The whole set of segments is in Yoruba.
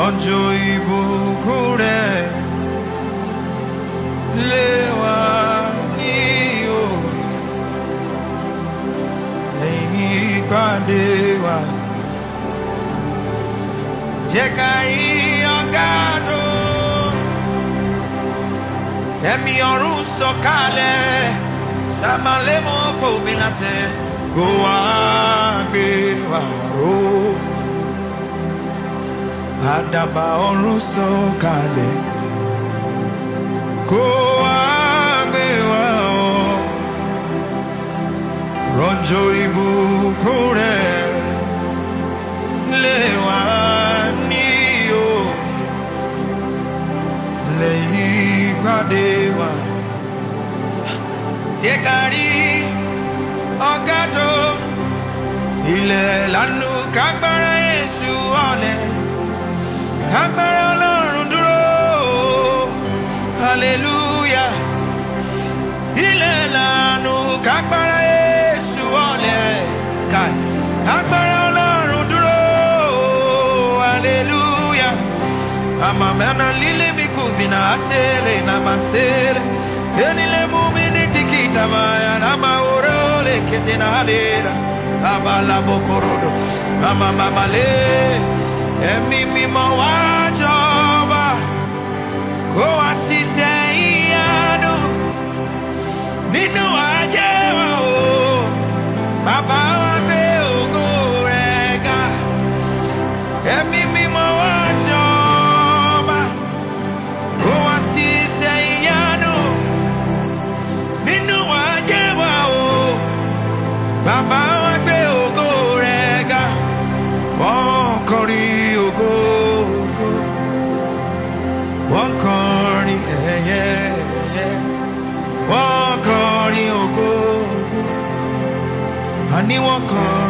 নজইব ঘুরে লেওয়ানি ও এই পান্ডেওয়া যে কাই অগারো ẹ̀mí ọ̀run sọ̀kalẹ̀ sàmàlẹ́mọ́ kò bí kó àdàbà ọ̀run sọ̀kalẹ̀ kó wá gbé wa o rọ̀jò ìbùkún rẹ̀ lé wa ní o lẹ́yìn pàdé wa jẹ́ ká rí ilẹ̀ lánàá kágbára èṣù ọ̀lẹ́ agbára ọlọ́run dúró hallelujah ilẹ̀ lànà kágbára èṣù ọ̀lẹ̀ ká agbára ọlọ́run dúró hallelujah àmàmẹ́nà líle mi kò bìnà àtẹ̀lẹ̀ nàmàṣẹ́lẹ̀ ẹnilẹ̀ mú mi ní tìkìtà báyà nàmàwòrán olè kéde náà lè rà abalabokorodo amamamale é mimi mauaja kwa si anyone come?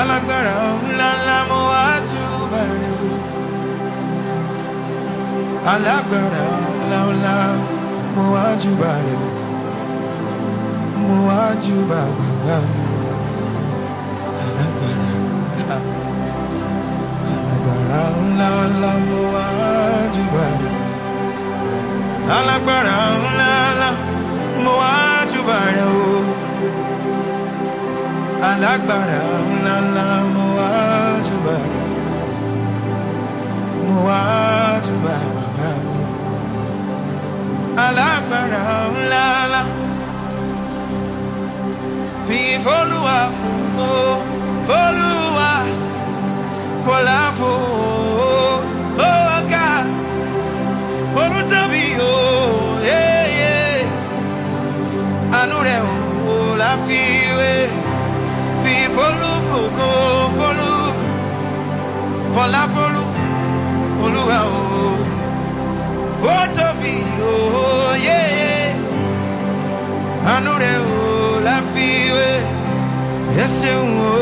alágbára ńlá ńlá mo wá júbà rẹ o alágbára mo wá júbà mo wá júbà bàbá mi alágbára alágbára mo wá júbà rẹ alágbára ńlá mo wá júbà o la akbara, la la muwaju bara, muwaju bara bara. Alágbára ńlá la, fi fọlùwà fún o, fọlùwà, fọlá fún o, ó ga, olùtọ́bi o, àánú rẹ̀ wò la fi wé. fọlá fọlú oh, o ó tóbi òye àánú rẹ̀ o láfiwé ẹ ṣeun o lafiwe yes, seun o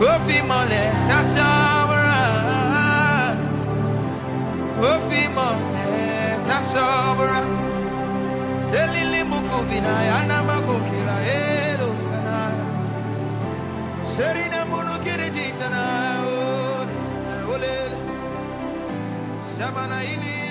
Ofi mole sasabra Ofi mole sasabra Selili mukuvina yana makukira ero sanana Serina munu kirijitana Olele Shamana ili